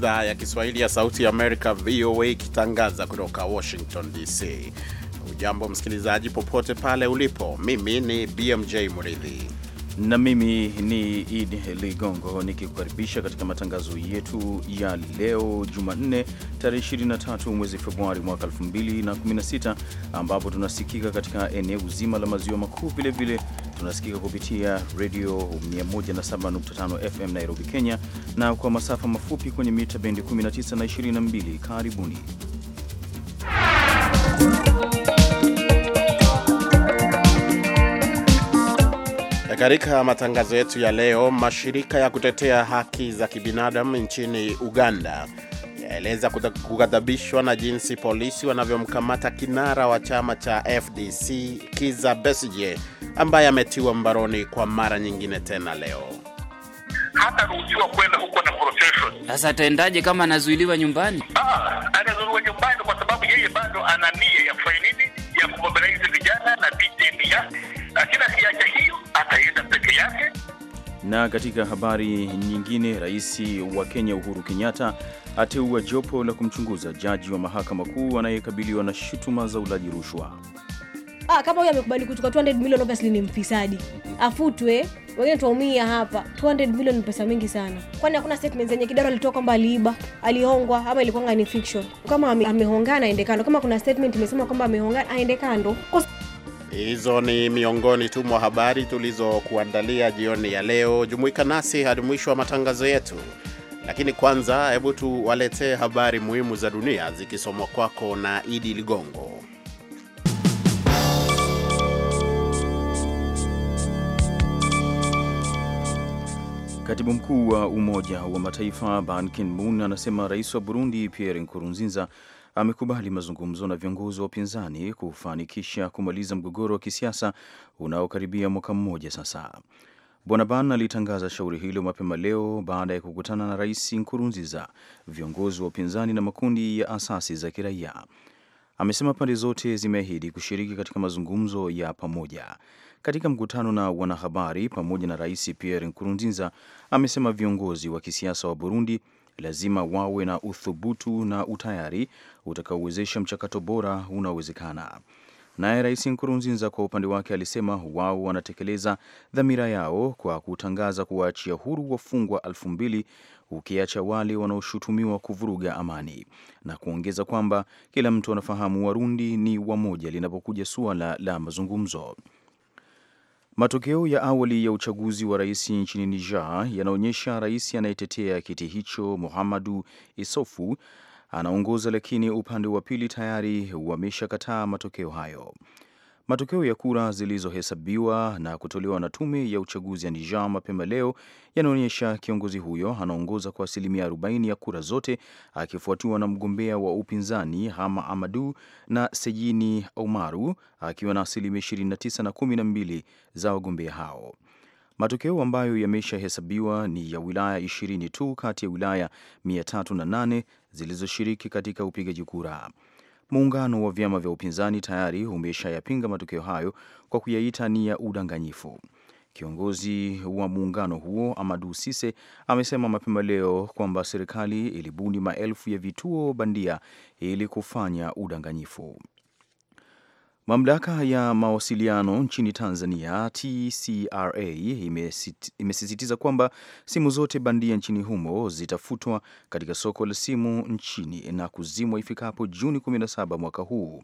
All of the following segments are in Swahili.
idhaa ya Kiswahili ya Sauti ya Amerika, VOA, ikitangaza kutoka Washington DC. Ujambo msikilizaji, popote pale ulipo. Mimi ni BMJ Mridhi na mimi ni Idi Ligongo nikikukaribisha katika matangazo yetu ya leo Jumanne tarehe 23 mwezi Februari mwaka 2016 ambapo tunasikika katika eneo zima la maziwa makuu. Vilevile tunasikika kupitia redio 107.5 FM Nairobi, Kenya, na kwa masafa mafupi kwenye mita bendi 19 na 22. Karibuni E, katika matangazo yetu ya leo, mashirika ya kutetea haki za kibinadamu nchini Uganda yaeleza kughadhabishwa na jinsi polisi wanavyomkamata kinara wa chama cha FDC Kiza Besije ambaye ametiwa mbaroni kwa mara nyingine tena leo. kwenda huko na Sasa ataendaje kama anazuiliwa nyumbani? Ah, anazuiliwa nyumbani kwa sababu yeye bado ana nia ya kufanya nini? Ya vijana na Lakini akiacha yake. Na katika habari nyingine, rais wa Kenya Uhuru Kenyatta ateua jopo la kumchunguza jaji wa mahakama kuu anayekabiliwa na shutuma za ulaji rushwa. Ah, kama huyo amekubali kuchukua 200 milioni obviously ni mfisadi. Afutwe, wengine tuumia hapa. 200 milioni ni pesa mingi sana. Kwani hakuna statement zenye Kidaro alitoa kwamba aliiba, alihongwa ama ilikuwa ni fiction. Kama amehongana aende kando. Kama kuna statement imesema kwamba amehongana aende kando. Kwa Hizo ni miongoni tu mwa habari tulizokuandalia jioni ya leo. Jumuika nasi hadi mwisho wa matangazo yetu, lakini kwanza, hebu tuwaletee habari muhimu za dunia zikisomwa kwako na Idi Ligongo. Katibu mkuu wa Umoja wa Mataifa Ban Ki-moon anasema rais wa Burundi Pierre Nkurunziza amekubali mazungumzo na viongozi wa upinzani kufanikisha kumaliza mgogoro wa kisiasa unaokaribia mwaka mmoja sasa. Bwana Ban alitangaza shauri hilo mapema leo baada ya kukutana na Rais Nkurunziza, viongozi wa upinzani na makundi ya asasi za kiraia. Amesema pande zote zimeahidi kushiriki katika mazungumzo ya pamoja. Katika mkutano na wanahabari pamoja na Rais Pierre Nkurunziza, amesema viongozi wa kisiasa wa Burundi lazima wawe na uthubutu na utayari utakaowezesha mchakato bora unaowezekana. Naye Rais Nkurunziza kwa upande wake alisema wao wanatekeleza dhamira yao kwa kutangaza kuwaachia huru wafungwa elfu mbili ukiacha wale wanaoshutumiwa kuvuruga amani, na kuongeza kwamba kila mtu anafahamu Warundi ni wamoja linapokuja suala la mazungumzo. Matokeo ya awali ya uchaguzi wa rais nchini Niger yanaonyesha rais anayetetea kiti hicho Muhammadu Isofu anaongoza, lakini upande wa pili tayari wameshakataa matokeo hayo. Matokeo ya kura zilizohesabiwa na kutolewa na tume ya uchaguzi ya Niger mapema leo yanaonyesha kiongozi huyo anaongoza kwa asilimia 40 ya kura zote, akifuatiwa na mgombea wa upinzani Hama Amadu na Sejini Omaru akiwa na asilimia 29 na 12 za wagombea hao. Matokeo ambayo yameshahesabiwa ni ya wilaya 20 tu kati ya wilaya 308 zilizoshiriki katika upigaji kura. Muungano wa vyama vya upinzani tayari umeshayapinga matokeo hayo kwa kuyaita ni ya udanganyifu. Kiongozi wa muungano huo Amadu Sise amesema mapema leo kwamba serikali ilibuni maelfu ya vituo bandia ili kufanya udanganyifu. Mamlaka ya mawasiliano nchini Tanzania, TCRA, imesisitiza kwamba simu zote bandia nchini humo zitafutwa katika soko la simu nchini na kuzimwa ifikapo Juni 17 mwaka huu.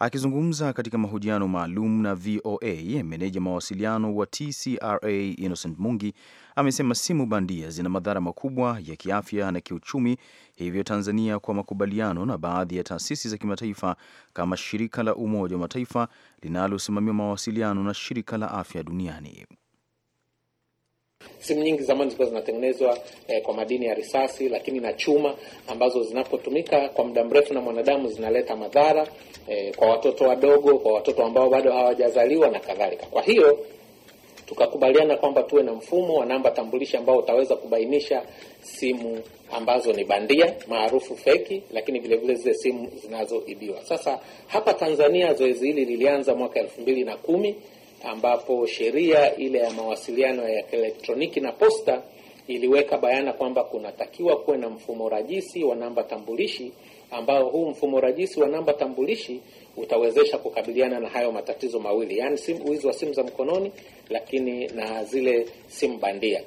Akizungumza katika mahojiano maalum na VOA, meneja mawasiliano wa TCRA Innocent Mungi amesema simu bandia zina madhara makubwa ya kiafya na kiuchumi, hivyo Tanzania kwa makubaliano na baadhi ya taasisi za kimataifa kama shirika la Umoja wa Mataifa linalosimamia mawasiliano na shirika la afya duniani Simu nyingi zamani zilikuwa zinatengenezwa eh, kwa madini ya risasi lakini na chuma, ambazo zinapotumika kwa muda mrefu na mwanadamu zinaleta madhara e, kwa watoto wadogo, kwa watoto ambao bado hawajazaliwa na kadhalika. Kwa hiyo tukakubaliana kwamba tuwe na mfumo wa namba tambulishi ambao utaweza kubainisha simu ambazo ni bandia maarufu feki, lakini vile vile zile simu zinazoibiwa. Sasa hapa Tanzania zoezi hili lilianza mwaka elfu mbili na kumi ambapo sheria ile ya mawasiliano ya kielektroniki na posta iliweka bayana kwamba kunatakiwa kuwe na mfumo rajisi wa namba tambulishi ambao huu mfumo rajisi wa namba tambulishi utawezesha kukabiliana na hayo matatizo mawili, yaani wizi wa simu za mkononi, lakini na zile simu bandia.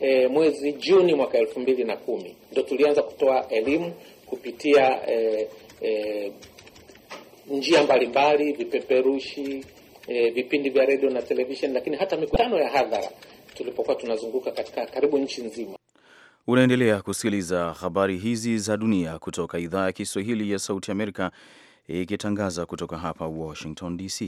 E, mwezi Juni mwaka elfu mbili na kumi ndo tulianza kutoa elimu kupitia e, e, njia mbalimbali, vipeperushi e, vipindi vya redio na televisheni, lakini hata mikutano ya hadhara tulipokuwa tunazunguka katika karibu nchi nzima. Unaendelea kusikiliza habari hizi za dunia kutoka idhaa ya Kiswahili ya Sauti Amerika ikitangaza kutoka hapa Washington DC.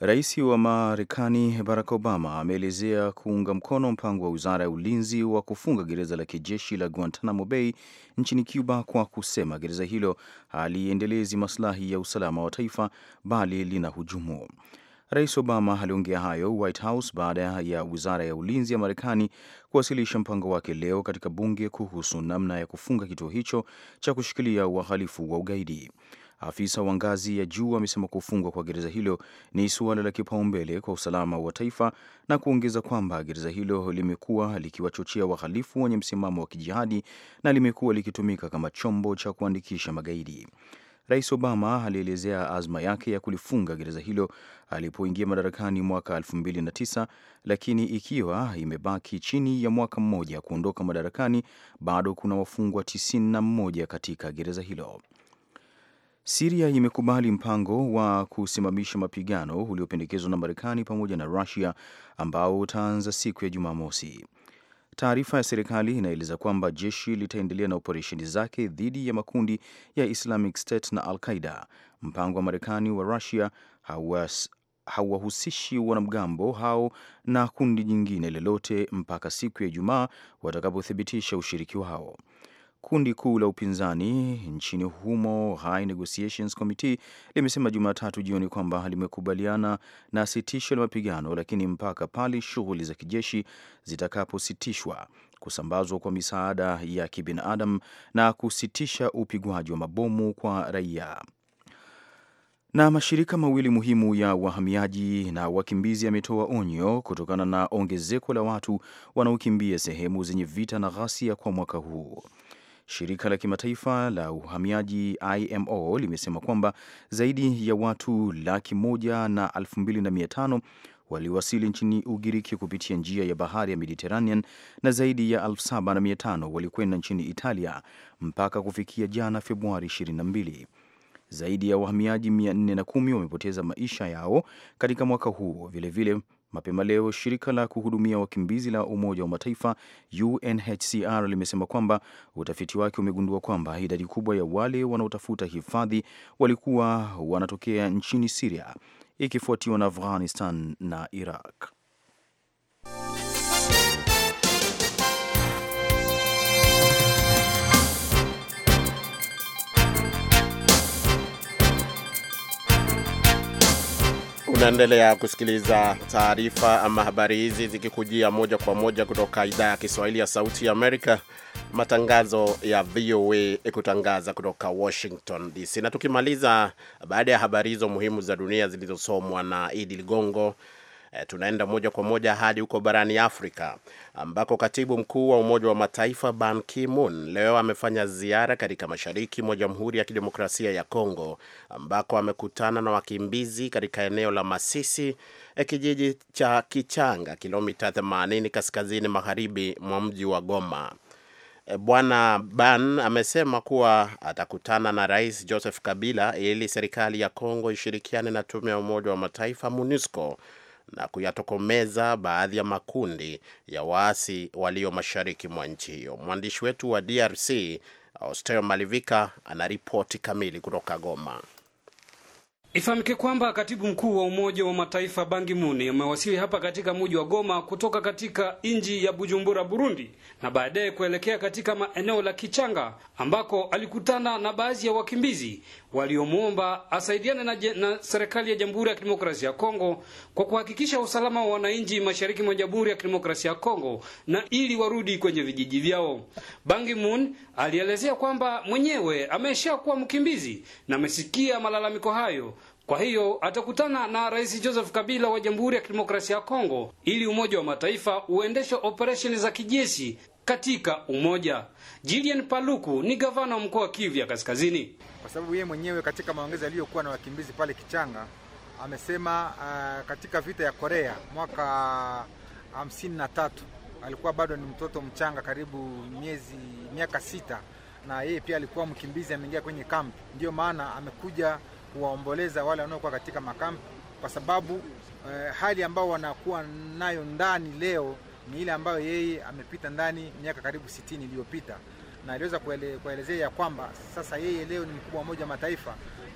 Rais wa Marekani Barack Obama ameelezea kuunga mkono mpango wa wizara ya ulinzi wa kufunga gereza la kijeshi la Guantanamo Bay nchini Cuba kwa kusema gereza hilo haliendelezi masilahi ya usalama wa taifa bali lina hujumu. Rais Obama aliongea hayo White House baada ya wizara ya ulinzi ya Marekani kuwasilisha mpango wake leo katika bunge kuhusu namna ya kufunga kituo hicho cha kushikilia wahalifu wa ugaidi. Afisa wa ngazi ya juu amesema kufungwa kwa gereza hilo ni suala la kipaumbele kwa usalama wa taifa na kuongeza kwamba gereza hilo limekuwa likiwachochea wahalifu wenye msimamo wa kijihadi na limekuwa likitumika kama chombo cha kuandikisha magaidi. Rais Obama alielezea azma yake ya kulifunga gereza hilo alipoingia madarakani mwaka 2009, lakini ikiwa imebaki chini ya mwaka mmoja kuondoka madarakani, bado kuna wafungwa 91 katika gereza hilo. Siria imekubali mpango wa kusimamisha mapigano uliopendekezwa na Marekani pamoja na Rusia ambao utaanza siku ya Jumamosi. Taarifa ya serikali inaeleza kwamba jeshi litaendelea na operesheni zake dhidi ya makundi ya Islamic State na Al-Qaida. Mpango wa Marekani wa rusia hawahusishi wanamgambo hao na kundi jingine lolote mpaka siku ya Ijumaa watakapothibitisha ushiriki wao. Kundi kuu la upinzani nchini humo High Negotiations Committee limesema Jumatatu jioni kwamba limekubaliana na sitisho la mapigano, lakini mpaka pale shughuli za kijeshi zitakapositishwa, kusambazwa kwa misaada ya kibinadamu na kusitisha upigwaji wa mabomu kwa raia. Na mashirika mawili muhimu ya wahamiaji na wakimbizi yametoa onyo kutokana na ongezeko la watu wanaokimbia sehemu zenye vita na ghasia kwa mwaka huu. Shirika la kimataifa la uhamiaji IMO limesema kwamba zaidi ya watu laki moja na elfu mbili na mia tano waliwasili nchini Ugiriki kupitia njia ya bahari ya Mediterranean na zaidi ya 75 walikwenda nchini Italia mpaka kufikia jana Februari 22. Zaidi ya wahamiaji 410 wamepoteza maisha yao katika mwaka huu Vilevile Mapema leo shirika la kuhudumia wakimbizi la Umoja wa Mataifa UNHCR limesema kwamba utafiti wake umegundua kwamba idadi kubwa ya wale wanaotafuta hifadhi walikuwa wanatokea nchini Siria ikifuatiwa na Afghanistan na Iraq. Unaendelea kusikiliza taarifa ama habari hizi zikikujia moja kwa moja kutoka idhaa ya Kiswahili ya Sauti ya Amerika, matangazo ya VOA kutangaza kutoka Washington DC. Na tukimaliza, baada ya habari hizo muhimu za dunia zilizosomwa na Idi Ligongo, E, tunaenda moja kwa moja hadi huko barani Afrika ambako katibu mkuu wa Umoja wa Mataifa Ban Ki-moon leo amefanya ziara katika mashariki mwa Jamhuri ya Kidemokrasia ya Kongo ambako amekutana na wakimbizi katika eneo la Masisi, eh, kijiji cha Kichanga, kilomita 80 kaskazini magharibi mwa mji wa Goma. Eh, Bwana Ban amesema kuwa atakutana na Rais Joseph Kabila ili serikali ya Kongo ishirikiane na tume ya Umoja wa Mataifa MONUSCO na kuyatokomeza baadhi ya makundi ya waasi walio mashariki mwa nchi hiyo. Mwandishi wetu wa DRC Austeo Malivika ana ripoti kamili kutoka Goma. Ifahamike kwamba katibu mkuu wa Umoja wa Mataifa bangi muni amewasili hapa katika muji wa Goma kutoka katika nji ya Bujumbura, Burundi, na baadaye kuelekea katika maeneo la Kichanga ambako alikutana na baadhi ya wakimbizi waliomwomba asaidiane na, na serikali ya Jamhuri ya Kidemokrasia ya Kongo kwa kuhakikisha usalama wa wananchi mashariki mwa Jamhuri ya Kidemokrasia ya Kongo na ili warudi kwenye vijiji vyao. Bangi Moon alielezea kwamba mwenyewe amesha kuwa mkimbizi na amesikia malalamiko hayo. Kwa hiyo atakutana na Rais Joseph Kabila wa Jamhuri ya Kidemokrasia ya Kongo ili Umoja wa Mataifa uendeshe operesheni za kijeshi katika umoja. Jillian Paluku ni gavana wa mkoa wa Kivu ya Kaskazini kwa sababu yeye mwenyewe katika maongezi aliyokuwa na wakimbizi pale Kichanga amesema uh, katika vita ya Korea mwaka uh, hamsini na tatu alikuwa bado ni mtoto mchanga, karibu miezi miaka sita, na yeye pia alikuwa mkimbizi, ameingia kwenye kampi. Ndiyo maana amekuja kuwaomboleza wale wanaokuwa katika makampi, kwa sababu uh, hali ambayo wanakuwa nayo ndani leo ni ile ambayo yeye amepita ndani miaka karibu sitini iliyopita na aliweza kuelezea ya kwamba sasa yeye leo ni mkubwa wa Umoja Mataifa,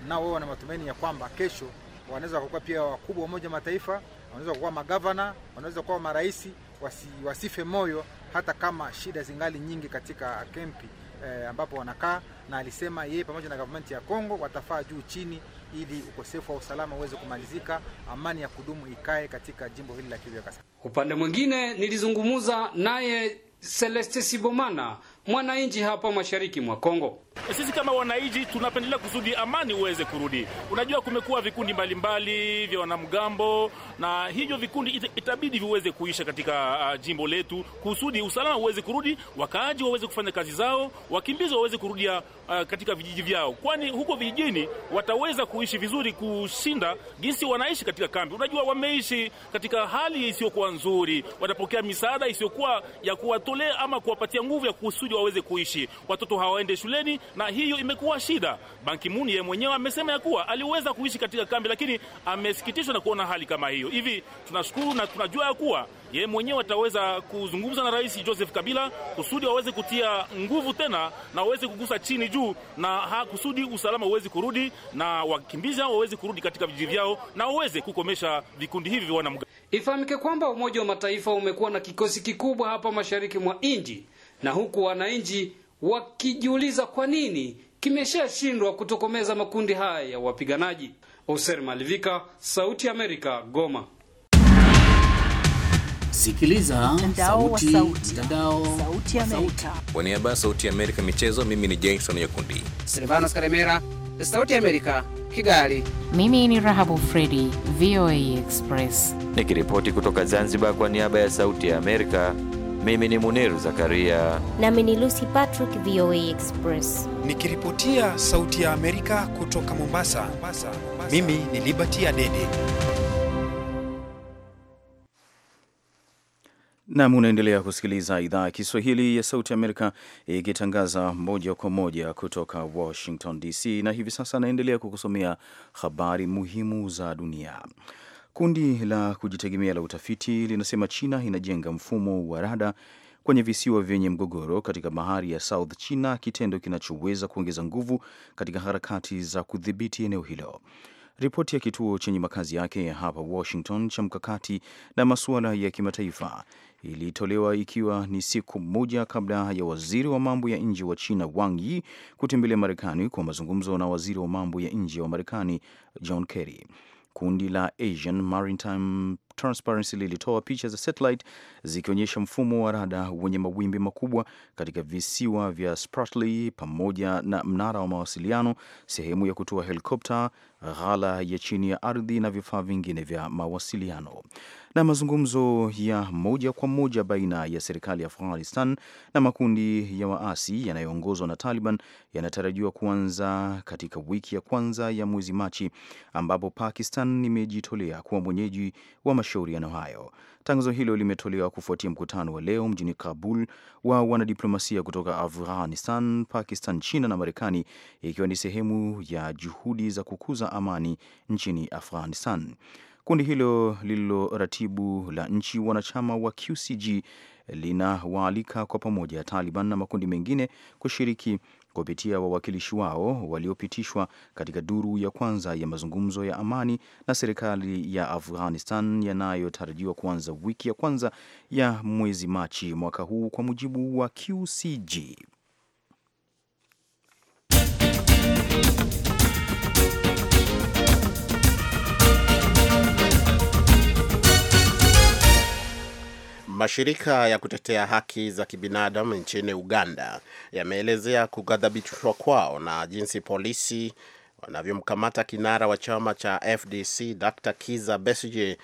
nao wao wana matumaini ya kwamba kesho wanaweza kuwa pia wakubwa wa Umoja Mataifa, wanaweza kuwa magavana, wanaweza kuwa marais, wasi, wasife moyo hata kama shida zingali nyingi katika kempi eh, ambapo wanakaa, na alisema yeye pamoja na gavumenti ya Kongo watafaa juu chini ili ukosefu wa usalama uweze kumalizika, amani ya kudumu ikae katika jimbo hili la Kivu Kaskazini. Upande mwingine nilizungumza naye Celeste Sibomana mwananchi hapa mashariki mwa Kongo. E, sisi kama wananchi tunapendelea kusudi amani uweze kurudi. Unajua, kumekuwa vikundi mbalimbali vya wanamgambo, na hivyo vikundi itabidi viweze kuisha katika uh, jimbo letu kusudi usalama uweze kurudi, wakaaji waweze kufanya kazi zao, wakimbizi waweze kurudia uh, katika vijiji vyao, kwani huko vijijini wataweza kuishi vizuri kushinda jinsi wanaishi katika kambi. Unajua, wameishi katika hali isiyokuwa nzuri, watapokea misaada isiyokuwa ya kuwatolea ama kuwapatia nguvu ya kusudi waweze kuishi. Watoto hawaende shuleni na hiyo imekuwa shida. Ban Ki-moon yeye mwenyewe amesema ya kuwa aliweza kuishi katika kambi, lakini amesikitishwa na kuona hali kama hiyo. Hivi tunashukuru na tunajua ya kuwa yeye mwenyewe ataweza kuzungumza na Rais Joseph Kabila kusudi waweze kutia nguvu tena na waweze kugusa chini juu, na ha kusudi usalama uweze kurudi na wakimbizi hao waweze kurudi katika vijiji vyao na waweze kukomesha vikundi hivi vya wanamgambo. Ifahamike kwamba Umoja wa Mataifa umekuwa na kikosi kikubwa hapa mashariki mwa nchi na huku wananchi wakijiuliza kwa nini kimeshashindwa kutokomeza makundi haya ya wapiganaji. Oser Malivika, Sauti ya Amerika, Goma. Sikiliza mtandao sauti, sauti, Kwa niaba ya Sauti ya Amerika michezo, mimi ni Jason Yakundi. Silvanos Karemera, Sauti ya Amerika, Kigali. Mimi ni Rahabu Fredi, VOA Express nikiripoti kutoka Zanzibar kwa niaba ya Sauti ya Amerika. Mimi ni Muniru Zakaria nami ni Lucy Patrick, VOA Express nikiripotia Sauti ya Amerika kutoka Mombasa. Mombasa, Mombasa. Mimi ni Liberty Adede. Nam, unaendelea kusikiliza idhaa ya Kiswahili ya Sauti Amerika ikitangaza moja kwa moja kutoka Washington DC, na hivi sasa anaendelea kukusomea habari muhimu za dunia. Kundi la kujitegemea la utafiti linasema China inajenga mfumo wa rada kwenye visiwa vyenye mgogoro katika bahari ya South China, kitendo kinachoweza kuongeza nguvu katika harakati za kudhibiti eneo hilo. Ripoti ya kituo chenye makazi yake hapa Washington cha mkakati na masuala ya kimataifa ilitolewa ikiwa ni siku moja kabla ya waziri wa mambo ya nje wa China Wang Yi kutembelea Marekani kwa mazungumzo na waziri wa mambo ya nje wa Marekani John Kerry. Kundi la Asian Maritime Transparency lilitoa picha za satellite zikionyesha mfumo wa rada wenye mawimbi makubwa katika visiwa vya Spratly pamoja na mnara wa mawasiliano, sehemu ya kutoa helikopta, ghala ya chini ya ardhi na vifaa vingine vya mawasiliano na mazungumzo ya moja kwa moja baina ya serikali ya Afghanistan na makundi ya waasi yanayoongozwa na Taliban yanatarajiwa kuanza katika wiki ya kwanza ya mwezi Machi, ambapo Pakistan imejitolea kuwa mwenyeji wa mashauriano hayo. Tangazo hilo limetolewa kufuatia mkutano wa leo mjini Kabul wa wanadiplomasia kutoka Afghanistan, Pakistan, China na Marekani, ikiwa ni sehemu ya juhudi za kukuza amani nchini Afghanistan. Kundi hilo lililoratibu la nchi wanachama wa QCG linawaalika kwa pamoja Taliban na makundi mengine kushiriki kupitia wawakilishi wao waliopitishwa katika duru ya kwanza ya mazungumzo ya amani na serikali ya Afghanistan yanayotarajiwa kuanza wiki ya kwanza ya mwezi Machi mwaka huu kwa mujibu wa QCG. Mashirika ya kutetea haki za kibinadamu nchini Uganda yameelezea kughadhabishwa kwao na jinsi polisi wanavyomkamata kinara wa chama cha FDC Dr. Kiza Besige,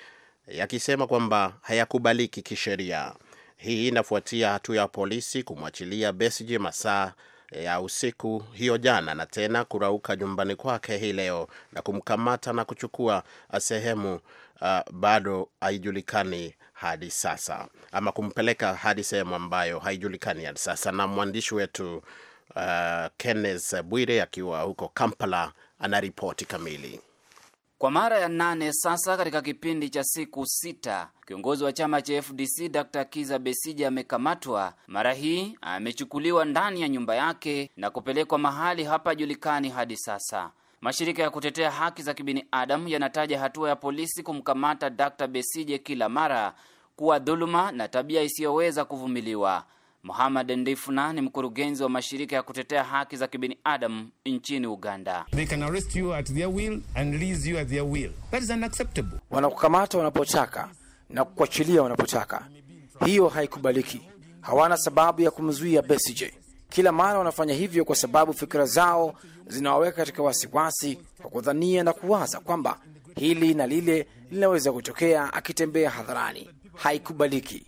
yakisema kwamba hayakubaliki kisheria. Hii inafuatia hatua ya polisi kumwachilia Besige masaa ya usiku hiyo jana na tena kurauka nyumbani kwake hii leo na kumkamata na kuchukua sehemu uh, bado haijulikani hadi sasa ama kumpeleka hadi sehemu ambayo haijulikani hadi sasa. Na mwandishi wetu uh, Kennes Bwire akiwa huko Kampala anaripoti kamili. Kwa mara ya nane sasa katika kipindi cha siku sita, kiongozi wa chama cha FDC Dr. Kiza Besije amekamatwa. Mara hii amechukuliwa ndani ya nyumba yake na kupelekwa mahali hapajulikani hadi sasa. Mashirika ya kutetea haki za kibinadamu yanataja hatua ya polisi kumkamata Dr. Besije kila mara kuwa dhuluma na tabia isiyoweza kuvumiliwa. muhamad Ndifuna ni mkurugenzi wa mashirika ya kutetea haki za kibinadamu nchini Uganda. Wanakukamata wanapotaka na kukuachilia wanapotaka, hiyo haikubaliki. Hawana sababu ya kumzuia Besije. Kila mara wanafanya hivyo kwa sababu fikira zao zinawaweka katika wasiwasi kwa kudhania na kuwaza kwamba hili na lile linaweza kutokea akitembea hadharani haikubaliki.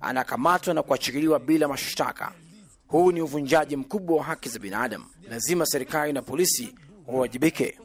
Anakamatwa na kuachiliwa bila mashtaka. Huu ni uvunjaji mkubwa wa haki za binadamu. Lazima serikali na polisi wawajibike.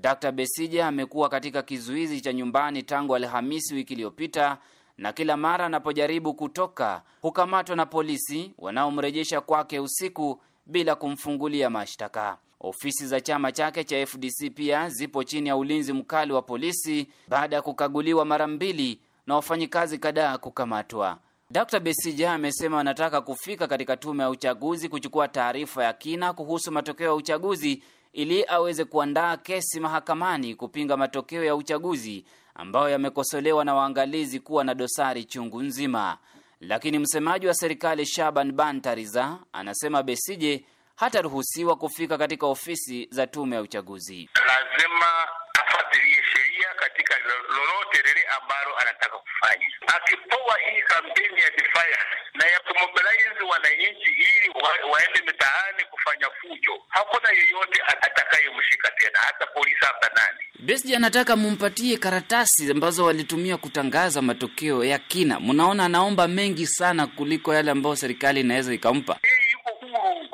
Dr. Besija amekuwa katika kizuizi cha nyumbani tangu Alhamisi wiki iliyopita na kila mara anapojaribu kutoka hukamatwa na polisi wanaomrejesha kwake usiku bila kumfungulia mashtaka. Ofisi za chama chake cha FDC pia zipo chini ya ulinzi mkali wa polisi baada ya kukaguliwa mara mbili na wafanyikazi kadhaa kukamatwa. Dr. Besija amesema wanataka kufika katika tume ya uchaguzi kuchukua taarifa ya kina kuhusu matokeo ya uchaguzi ili aweze kuandaa kesi mahakamani kupinga matokeo ya uchaguzi ambayo yamekosolewa na waangalizi kuwa na dosari chungu nzima. Lakini msemaji wa serikali Shaban Bantariza anasema Besije hataruhusiwa kufika katika ofisi za tume ya uchaguzi. Lazima afuatilie sheria katika lolote lile ambalo anataka kufanya. Akipoa hii kampeni ya defiance na ya kumobilize wananchi ili wa, waende mitaani kufanya fujo, hakuna yeyote atakayemshika tena, hata polisi hapa nani. Besigye anataka mumpatie karatasi ambazo walitumia kutangaza matokeo ya kina. Mnaona, anaomba mengi sana kuliko yale ambayo serikali inaweza ikampa. Yeye yuko huru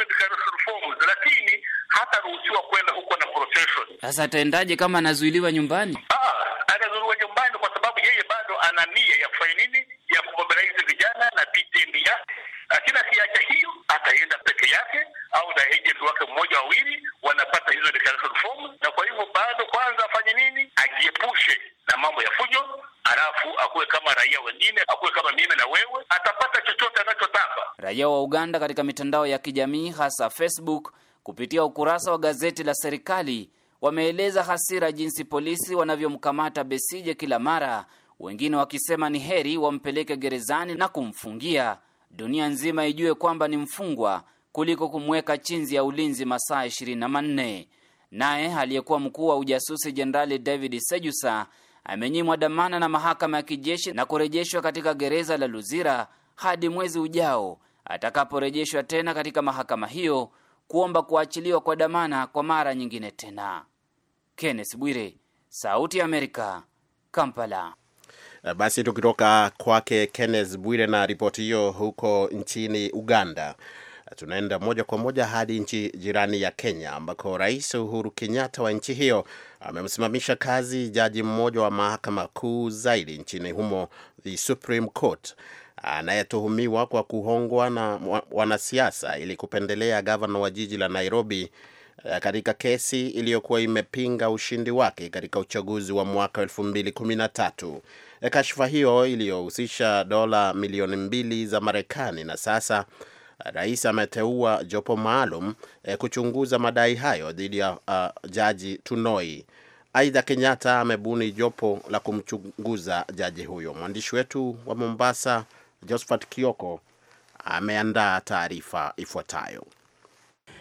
hiyo declaration forms, lakini ruhusiwa kwenda huko na procession. Sasa ataendaje kama anazuiliwa nyumbani? raia wa Uganda katika mitandao ya kijamii hasa Facebook kupitia ukurasa wa gazeti la serikali wameeleza hasira jinsi polisi wanavyomkamata Besije kila mara, wengine wakisema ni heri wampeleke gerezani na kumfungia, dunia nzima ijue kwamba ni mfungwa kuliko kumweka chinzi ya ulinzi masaa 24. Naye aliyekuwa mkuu wa ujasusi Jenerali David Sejusa amenyimwa dhamana na mahakama ya kijeshi na kurejeshwa katika gereza la Luzira hadi mwezi ujao atakaporejeshwa tena katika mahakama hiyo kuomba kuachiliwa kwa dhamana kwa mara nyingine tena. Kenneth Bwire, Sauti ya Amerika, Kampala. Basi tukitoka kwake Kenneth Bwire na ripoti hiyo huko nchini Uganda, tunaenda moja kwa moja hadi nchi jirani ya Kenya, ambako Rais Uhuru Kenyatta wa nchi hiyo amemsimamisha kazi jaji mmoja wa mahakama kuu zaidi nchini humo, the Supreme Court, anayetuhumiwa kwa kuhongwa na wanasiasa ili kupendelea gavana wa jiji la Nairobi eh, katika kesi iliyokuwa imepinga ushindi wake katika uchaguzi wa mwaka 2013. Eh, kashfa hiyo iliyohusisha dola milioni mbili za Marekani, na sasa eh, rais ameteua jopo maalum kuchunguza madai hayo dhidi ya uh, jaji Tunoi. Aidha, Kenyatta amebuni jopo la kumchunguza jaji huyo. Mwandishi wetu wa Mombasa Josphat Kioko ameandaa taarifa ifuatayo.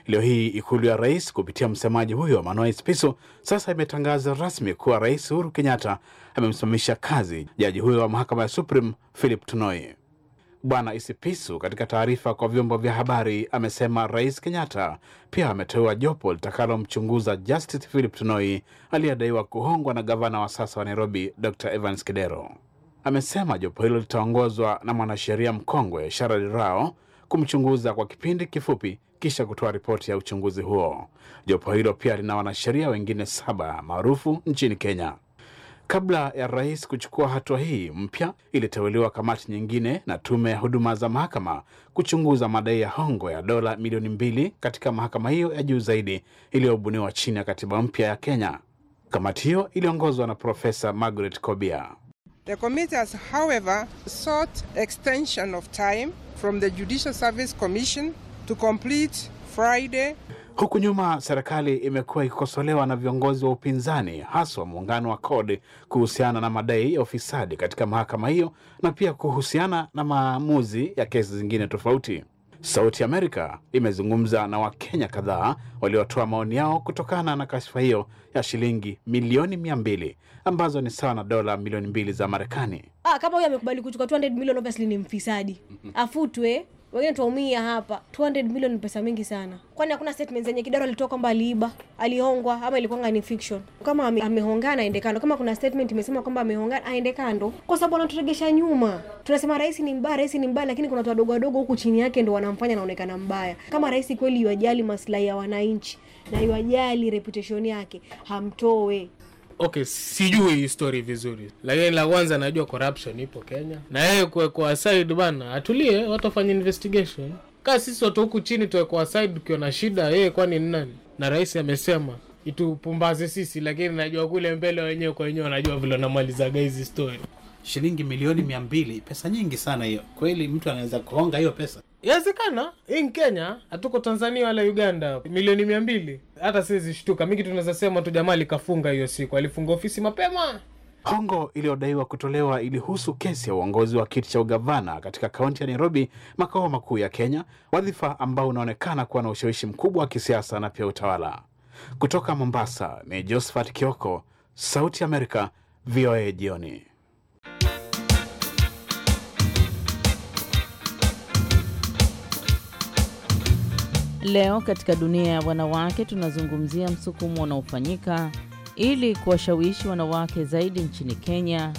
Leo hii ikulu ya rais kupitia msemaji huyo Manoah Esipisu sasa imetangaza rasmi kuwa Rais Uhuru Kenyatta amemsimamisha kazi jaji huyo wa mahakama ya Supreme Philip Tunoi. Bwana Isipisu katika taarifa kwa vyombo vya habari amesema Rais Kenyatta pia ameteua jopo litakalomchunguza Justice Philip Tunoi aliyedaiwa kuhongwa na gavana wa sasa wa Nairobi Dr Evans Kidero amesema jopo hilo litaongozwa na mwanasheria mkongwe Sharad Rao kumchunguza kwa kipindi kifupi kisha kutoa ripoti ya uchunguzi huo. Jopo hilo pia lina wanasheria wengine saba maarufu nchini Kenya. Kabla ya rais kuchukua hatua hii mpya, iliteuliwa kamati nyingine na tume ya huduma za mahakama kuchunguza madai ya hongo ya dola milioni mbili katika mahakama hiyo ya juu zaidi iliyobuniwa chini ya katiba mpya ya Kenya. Kamati hiyo iliongozwa na Profesa Margaret Kobia. The committee has, however, sought extension of time from the Judicial Service Commission to complete Friday. Huku nyuma serikali imekuwa ikikosolewa na viongozi wa upinzani haswa muungano wa CORD kuhusiana na madai ya ufisadi katika mahakama hiyo na pia kuhusiana na maamuzi ya kesi zingine tofauti. Sauti Amerika imezungumza na Wakenya kadhaa waliotoa maoni yao kutokana na kashfa hiyo ya shilingi milioni mia mbili ambazo ni sawa na dola milioni mbili za Marekani. Ah, kama huyo amekubali kuchukua 200 million obviously ni mfisadi. Afutwe. Wengine tuwaumia hapa. 200 million ni pesa mingi sana. Kwani hakuna statement zenye Kidaro alitoa kwamba aliiba, aliongwa ama ilikuwa ni fiction? Kama amehongana ame, aende kando. Kama kuna statement imesema kwamba amehongana aende kando, kwa sababu anaturegesha nyuma. Tunasema rais ni mbaya, rais ni mbaya, lakini kuna watu wadogo wadogo huku chini yake ndio wanamfanya anaonekana mbaya. Kama rais kweli yuwajali maslahi ya wananchi na yuwajali reputation yake, hamtoe okay, sijui story vizuri, lakini la kwanza najua corruption ipo Kenya, na yeye kuwekwa side bana, atulie, watu wafanye investigation. Kaa sisi watu huku chini tuwekwa side ukiwa na shida yeye kwani nnani nani? Na rais amesema itupumbaze sisi, lakini najua kule mbele wenyewe kwa wenyewe wanajua vile wanamalizaga hizi story. Shilingi milioni mia mbili, pesa nyingi sana hiyo. Kweli mtu anaweza kuonga hiyo pesa? Yawezekana hii ni Kenya, hatuko Tanzania wala Uganda. Milioni mia mbili hata siwezi zishtuka Mingi tunaweza sema tu jamaa likafunga hiyo siku, alifunga ofisi mapema. Hongo iliyodaiwa kutolewa ilihusu kesi ya uongozi wa kiti cha ugavana katika kaunti ya Nairobi, makao makuu ya Kenya, wadhifa ambao unaonekana kuwa na ushawishi mkubwa wa kisiasa na pia utawala. Kutoka Mombasa ni Josephat Kioko, Sauti ya Amerika, VOA jioni. Leo katika dunia ya wanawake tunazungumzia msukumo unaofanyika ili kuwashawishi wanawake zaidi nchini Kenya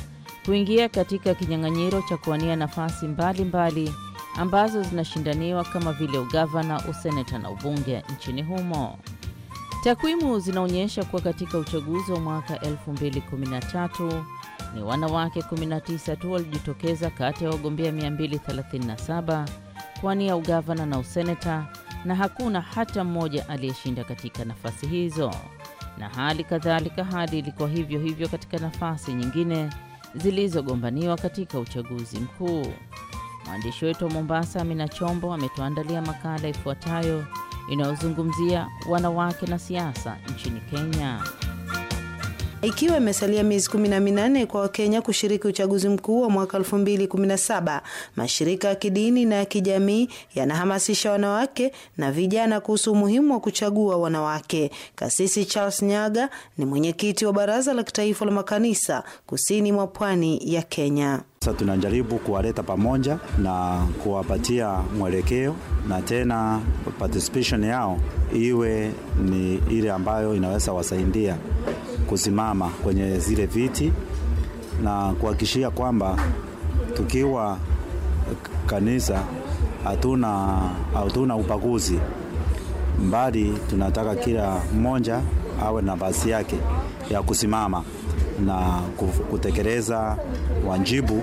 kuingia katika kinyang'anyiro cha kuwania nafasi mbalimbali mbali ambazo zinashindaniwa kama vile ugavana, useneta na ubunge nchini humo. Takwimu zinaonyesha kuwa katika uchaguzi wa mwaka 2013 ni wanawake 19 tu walijitokeza kati ya wagombea 237 kuwania ugavana na useneta na hakuna hata mmoja aliyeshinda katika nafasi hizo, na hali kadhalika hali ilikuwa hivyo hivyo katika nafasi nyingine zilizogombaniwa katika uchaguzi mkuu. Mwandishi wetu wa Mombasa, Amina Chombo, ametuandalia makala ifuatayo inayozungumzia wanawake na siasa nchini Kenya. Ikiwa imesalia miezi kumi na minane kwa Wakenya kushiriki uchaguzi mkuu wa mwaka 2017, mashirika ya kidini na ya kijamii yanahamasisha wanawake na vijana kuhusu umuhimu wa kuchagua wanawake. Kasisi Charles Nyaga ni mwenyekiti wa Baraza la Kitaifa la Makanisa Kusini mwa Pwani ya Kenya. Sasa tunajaribu kuwaleta pamoja na kuwapatia mwelekeo na tena participation yao iwe ni ile ambayo inaweza wasaidia kusimama kwenye zile viti na kuhakikishia kwamba tukiwa kanisa hatuna hatuna ubaguzi, mbali tunataka kila mmoja awe na nafasi yake ya kusimama na kutekeleza wajibu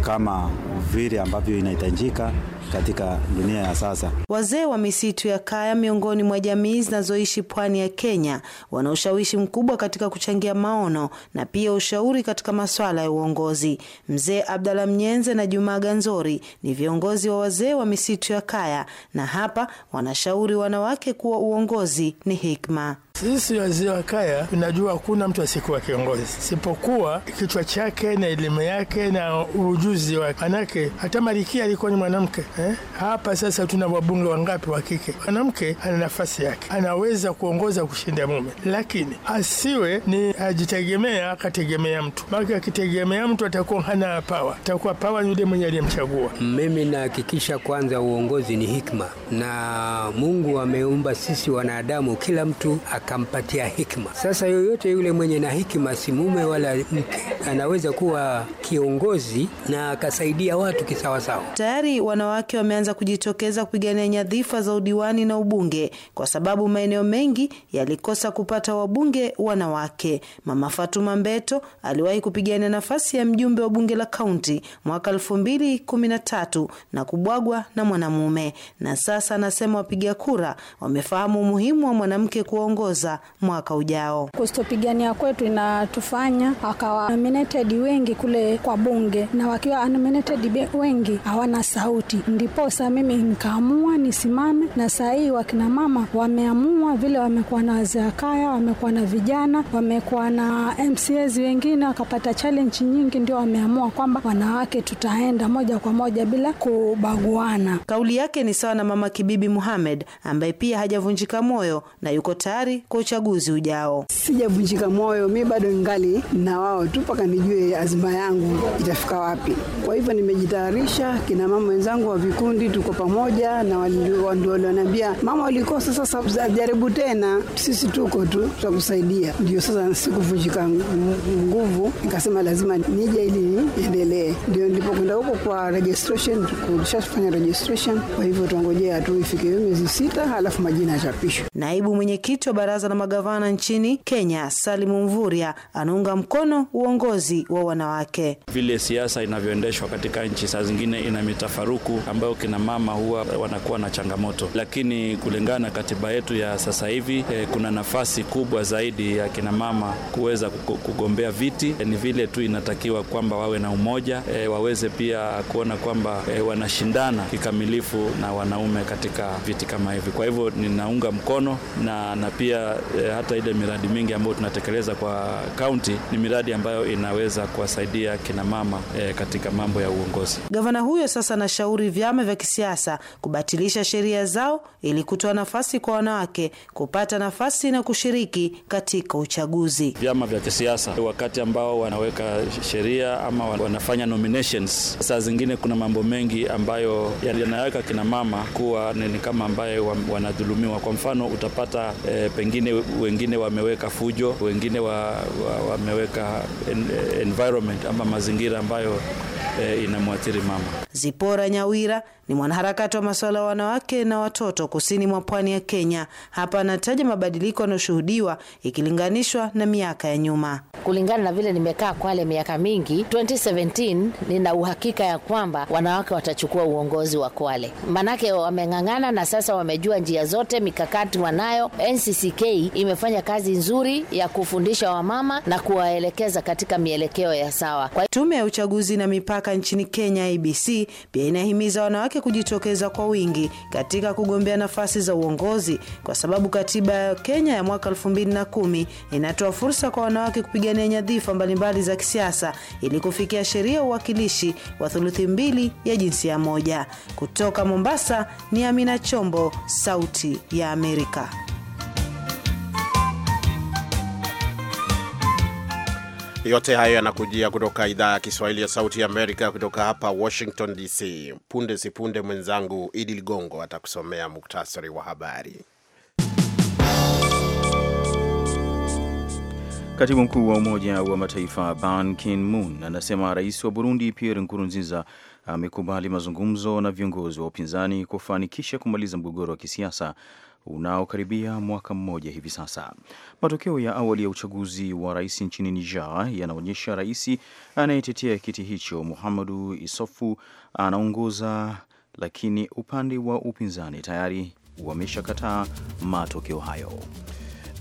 kama vile ambavyo inahitajika katika dunia ya sasa. Wazee wa misitu ya kaya miongoni mwa jamii zinazoishi pwani ya Kenya wana ushawishi mkubwa katika kuchangia maono na pia ushauri katika maswala ya uongozi. Mzee Abdalla Mnyenze na Jumaa Ganzori ni viongozi wa wazee wa misitu ya kaya, na hapa wanashauri wanawake kuwa uongozi ni hikma. Sisi wazee wa kaya tunajua hakuna mtu asikuwa kiongozi, sipokuwa kichwa chake na elimu yake na ujuzi wake. Manake hata Marikia alikuwa ni mwanamke, eh? Hapa sasa tuna wabunge wangapi wa kike? Mwanamke ana nafasi yake, anaweza kuongoza kushinda mume, lakini asiwe ni ajitegemea akategemea mtu, maana akitegemea mtu atakuwa hana pawa, atakuwa pawa yule mwenye aliyemchagua. Mimi nahakikisha kwanza uongozi ni hikma, na Mungu ameumba sisi wanadamu, kila mtu akampatia hikma. Sasa yoyote yule mwenye na hikma, si mume wala mke, anaweza kuwa kiongozi na akasaidia watu kisawasawa. Tayari wanawake wanawake wameanza kujitokeza kupigania nyadhifa za udiwani na ubunge kwa sababu maeneo mengi yalikosa kupata wabunge wanawake. Mama Fatuma Mbeto aliwahi kupigania nafasi ya mjumbe wa bunge la kaunti mwaka 2013 na kubwagwa na mwanamume, na sasa anasema wapiga kura wamefahamu umuhimu wa mwanamke kuongoza mwaka ujao. Kustopigania kwetu inatufanya akawa nominated wengi kule kwa bunge, na wakiwa nominated wengi hawana sauti ndiposa mimi nikaamua nisimame, na saa hii wakina mama wameamua vile, wamekuwa na wazee wa kaya, wamekuwa na vijana, wamekuwa na mcs wengine, wakapata challenge nyingi, ndio wameamua kwamba wanawake tutaenda moja kwa moja bila kubaguana. Kauli yake ni sawa na Mama Kibibi Muhamed ambaye pia hajavunjika moyo na yuko tayari kwa uchaguzi ujao. Sijavunjika moyo, mi bado ningali na wao tu mpaka nijue azima yangu itafika wapi. Kwa hivyo nimejitayarisha, kinamama wenzangu vikundi, tuko pamoja na ndio walioniambia, mama, ulikosa, sasa jaribu tena, sisi tuko tu, tutakusaidia. Ndio sasa sikuvunjika nguvu, nikasema lazima nija ili niendelee. Ndio nilipokwenda huko kwa registration, registration, kwa hivyo tuangojea tu ifike hiyo miezi sita, halafu majina yachapishwe. Naibu mwenyekiti wa baraza la magavana nchini Kenya, Salimu Mvurya, anaunga mkono uongozi wa wanawake, vile siasa inavyoendeshwa katika nchi, saa zingine ina mitafaruku ambayo kina mama huwa wanakuwa na changamoto, lakini kulingana na katiba yetu ya sasa hivi eh, kuna nafasi kubwa zaidi ya kina mama kuweza kugombea viti. Eh, ni vile tu inatakiwa kwamba wawe na umoja eh, waweze pia kuona kwamba eh, wanashindana kikamilifu na wanaume katika viti kama hivi. Kwa hivyo ninaunga mkono na, na pia eh, hata ile miradi mingi ambayo tunatekeleza kwa kaunti ni miradi ambayo inaweza kuwasaidia kina mama eh, katika mambo ya uongozi. Gavana huyo sasa anashauri vyama vya kisiasa kubatilisha sheria zao ili kutoa nafasi kwa wanawake kupata nafasi na kushiriki katika uchaguzi. Vyama vya kisiasa wakati ambao wanaweka sheria ama wanafanya nominations, saa zingine kuna mambo mengi ambayo yanaweka kina mama kuwa ni kama ambaye wanadhulumiwa. Kwa mfano utapata e, pengine wengine wameweka fujo, wengine wameweka wa, wa eh, environment ama mazingira ambayo e, inamwathiri mama. Zipora Nyawira negra ni mwanaharakati wa masuala ya wanawake na watoto kusini mwa pwani ya Kenya. Hapa anataja mabadiliko yanayoshuhudiwa ikilinganishwa na miaka ya nyuma. Kulingana na vile nimekaa Kwale miaka mingi, 2017 nina uhakika ya kwamba wanawake watachukua uongozi wa Kwale, maanake wameng'ang'ana na sasa wamejua njia zote, mikakati wanayo. NCCK imefanya kazi nzuri ya kufundisha wamama na kuwaelekeza katika mielekeo ya sawa. Kwa... tume ya uchaguzi na mipaka nchini Kenya IBC pia inahimiza wanawake wanawake kujitokeza kwa wingi katika kugombea nafasi za uongozi kwa sababu katiba ya Kenya ya mwaka 2010 inatoa fursa kwa wanawake kupigania nyadhifa mbalimbali za kisiasa ili kufikia sheria uwakilishi wa thuluthi mbili ya jinsia moja. Kutoka Mombasa ni Amina Chombo, Sauti ya Amerika. Yote hayo yanakujia kutoka idhaa ya Kiswahili ya Sauti ya Amerika, kutoka hapa Washington DC. Punde si punde mwenzangu Idi Ligongo atakusomea muktasari wa habari. Katibu mkuu wa Umoja wa Mataifa Ban Ki-moon anasema rais wa Burundi Pierre Nkurunziza amekubali mazungumzo na viongozi wa upinzani kufanikisha kumaliza mgogoro wa kisiasa unaokaribia mwaka mmoja hivi sasa. Matokeo ya awali ya uchaguzi wa rais nchini Niger yanaonyesha rais anayetetea kiti hicho muhamadu Isofu anaongoza, lakini upande wa upinzani tayari wameshakataa matokeo hayo.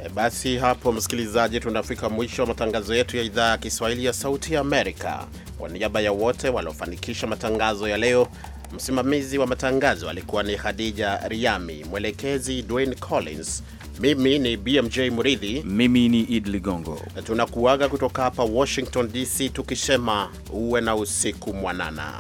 E, basi hapo msikilizaji, tunafika mwisho wa matangazo yetu ya idhaa ya Kiswahili ya Sauti ya Amerika. Kwa niaba ya wote waliofanikisha matangazo ya leo Msimamizi wa matangazo alikuwa ni Khadija Riami, mwelekezi Dwayne Collins. Mimi ni BMJ Muridhi, mimi ni Id Ligongo. Tunakuaga kutoka hapa Washington DC tukisema uwe na usiku mwanana.